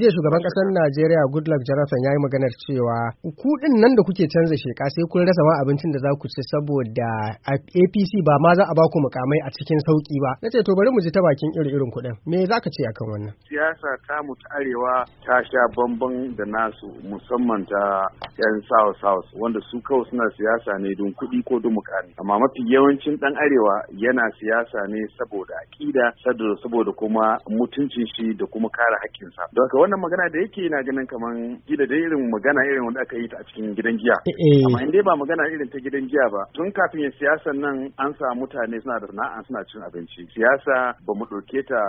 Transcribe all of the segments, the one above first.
jiya shugaban kasar najeriya goodluck jonathan ya yi maganar cewa kuɗin nan da kuke canza sheka sai kun rasa ma abincin da za ku ci saboda apc ba ma za a ba ku mukamai a cikin sauki ba na ce to bari mu ji ta bakin iri irin kuɗin me za ka ce akan wannan siyasa ta mu ta arewa ta sha bambam da nasu musamman ta yan south south wanda su kawai suna siyasa ne don kuɗi ko don mukami amma mafi yawancin ɗan arewa yana siyasa ne saboda aƙida saboda kuma mutuncin shi da kuma kare haƙƙinsa don wannan magana da yake na ganin kaman gida da irin magana irin wanda aka yi ta a cikin gidan giya eh, eh. amma in ba magana irin ta gidan giya ba tun kafin ya siyasan nan an sa mutane suna da sana'a suna cin abinci siyasa ba mu ɗauke ta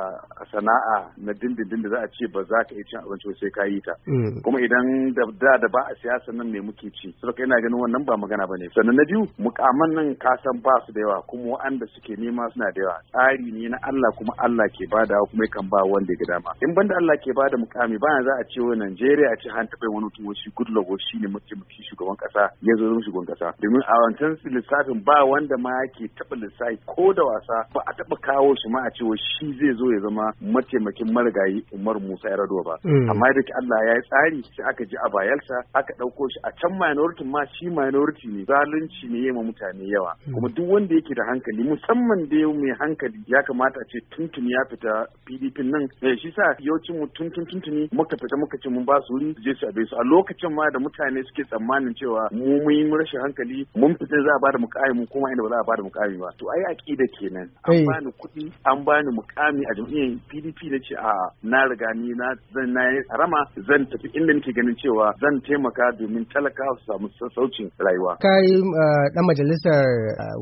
sana'a na dindindin da za a ce ba za ka yi cin abinci sai ka yi ta hmm. kuma idan da da da ba a siyasan nan me muke ci saboda ina ganin wannan ba magana bane sannan na biyu mukaman nan ka san ba su da yawa kuma wanda suke nema suna da yawa tsari ne na Allah kuma Allah ke bada kuma kan ba wanda ya ga dama in banda Allah ke bada mukamin. makami ba za a ce wa Najeriya a ce an taɓa wani mutum shi Goodluck shi ne mataimaki shugaban kasa ya zo zama shugaban kasa domin a wancan lissafin ba wanda ma yake taɓa lissafi ko da wasa ba a taɓa kawo shi ma a wa shi zai zo ya zama mataimakin marigayi Umar Musa Yar'adua ba mm. amma duk Allah ya yi tsari sai aka ji a bayelsa aka ɗauko shi a can minority ma shi minority ne zalunci ne yema mutane yawa mm. kuma duk wanda yake da hankali musamman da mai hankali ya kamata a ce tuntun ya fita PDP nan eh, shi sa yawancin mu tuntun tuntun ne muka fita muka ce mun ba su wuri je su abe su a lokacin ma da mutane suke tsammanin cewa mu mun yi rashin hankali mun fita za a da mukami mun kuma inda ba za a da mukami ba to ai aqida kenan an eh. ni kuɗi an ni mukami a jam'iyyar PDP na ce a na riga ni na zan na yi harama zan tafi inda nake ganin cewa zan taimaka domin talakawa su samu sassaucin rayuwa kai dan majalisar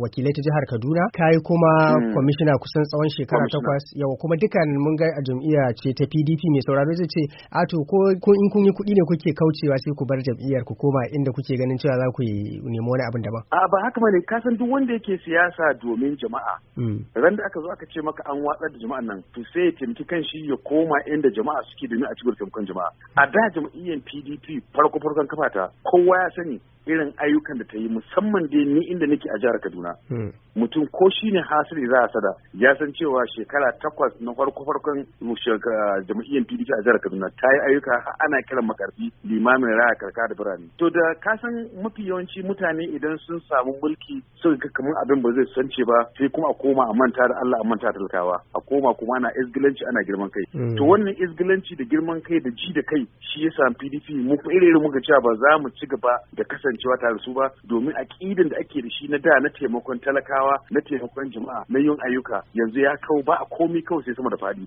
wakilai ta jihar Kaduna kai kuma hmm. kwamishina kusan tsawon shekara takwas yawa kuma dukkan mun ga a jam'iyya ce ta PDP mai sauraro zai ce ce a to ko in kun yi kuɗi ne kuke kaucewa sai ku bar jam'iyyar ku koma inda kuke ganin cewa za ku nemo wani abin daban. A ba haka bane ka san duk wanda yake siyasa domin jama'a. Hmm. Ran da aka zo aka ce maka an watsar da jama'an nan to sai ya taimaki kan shi ya koma inda jama'a suke domin a cigar taimakon jama'a. A da jam'iyyar PDP farko farkon kafata kowa ya sani irin ayyukan da ta yi musamman dai ni inda nake a jihar Kaduna. Hmm. Mutum ko shi ne hasiri za a sada ya san cewa shekara takwas na farko farkon jam'iyyar PDP a jihar Kaduna ta yi ayyuka ana kiran makarfi limamin raya karka da birane. To da ka san mafi yawanci mutane idan sun samu mulki sun ga kamar abin ba zai sance ba sai kuma a koma a manta da Allah a manta talakawa a koma kuma ana izgilanci ana girman kai. Hmm. To wannan izgilanci da girman kai da ji da kai shi yasa PDP mu irin muka cewa ba za mu ci gaba da kasance kasancewa da su ba domin aƙidin da ake da shi na da na taimakon talakawa na taimakon jama'a na yin ayyuka yanzu ya kawo ba a komi kawai sai sama da faɗi.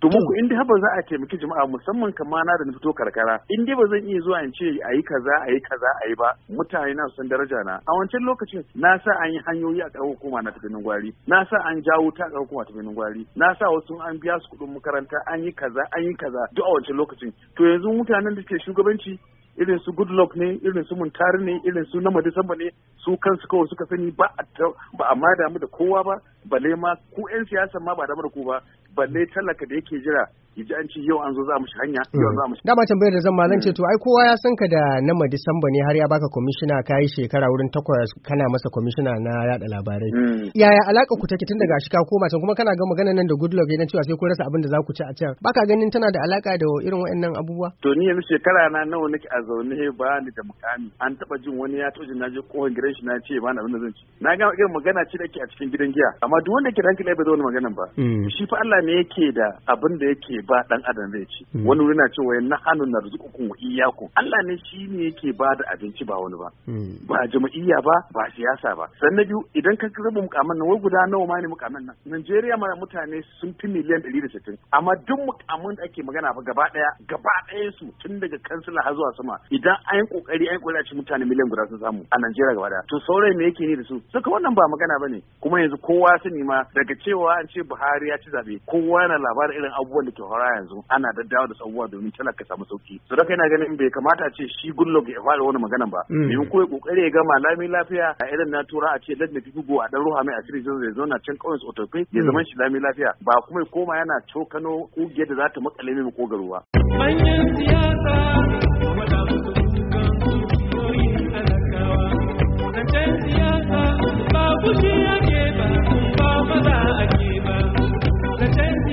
domin eh, ku inda ba za a taimaki jama'a musamman kama na da na fito karkara in dai ba zan iya zuwa in ce a yi kaza a yi kaza a yi ba mutane na san daraja na a wancan lokacin na sa an yi hanyoyi a ƙarƙar hukuma na binin gwari na sa an jawo ta ƙarƙar hukuma tafi gwari na sa wasu an biya su kuɗin makaranta an yi kaza an yi kaza duk a wancan lokacin to yanzu mutanen da ke shugabanci irin su goodluck ne irin su muntari ne irin su na madisamba ne su kansu kawai suka sani ba a ma damu da kowa ba balle ma ku 'yan siyasa ma ba damu da ku ba balle talaka da yake jira ya ji an ci yau an zo za mu shi hanya yau za mu shi dama tambayar da zan ma ce hmm. to ai kowa ya san ka da nama disamba ne har ya baka komishina ka yi shekara wurin takwas kana masa komishina na yada labarai hmm. yaya alaka ku take tun daga shi ka koma can kuma kana ga magana nan da goodluck yana cewa sai ku rasa abin da za ku ci a can baka ganin tana da alaka da irin waɗannan abubuwa to ni yanzu shekara na nawa nake a zaune ba ni da mukami an taba jin wani ya toje na je kohon saurare shi na ce ba na abin da zan ci na ga irin magana ce da ke a cikin gidan giya amma duk wanda ke da hankali bai zo wani maganan ba mm. shi fa Allah ne yake da abin da yake ba dan adam zai ci mm. wani wuri na cewa na hannu na rizqukun wa iyyakum Allah ne shi ne yake ba da abinci ba wani ba mm. ba jama'iyya ba ba siyasa ba na biyu idan ka raba mukamman nan wai guda nawa ma ne mukamman nan Najeriya mara mutane sun fi miliyan 160 amma duk mukaman da ake magana ba gaba daya gaba daya su tun daga kansila har zuwa sama idan an yi kokari an yi kokari a ci mutane miliyan guda sun samu a Najeriya gaba daya to saurayi me yake ne da su saka wannan ba magana bane kuma yanzu kowa sani ma daga cewa an ce Buhari ya ci zabe kowa yana labarin irin abubuwan da ke fara yanzu ana daddawa da abubuwa domin talaka samu sauki to da yana ganin bai kamata a ce shi gullo ya fara wani magana ba mm. domin ko ya kokari ya gama lami lafiya a irin na tura a ce dan fi gugu a dan ruha mai asiri zai na can kauyen otofe ya mm. zama shi lami lafiya ba kuma ya koma yana cokano kugiyar da za ta makale mai ko garuwa. siyasa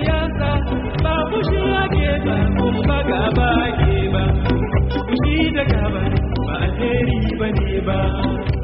siyasa ba fushi ake samu ba gaba ba fushi da gaba ba alheri ba ne ba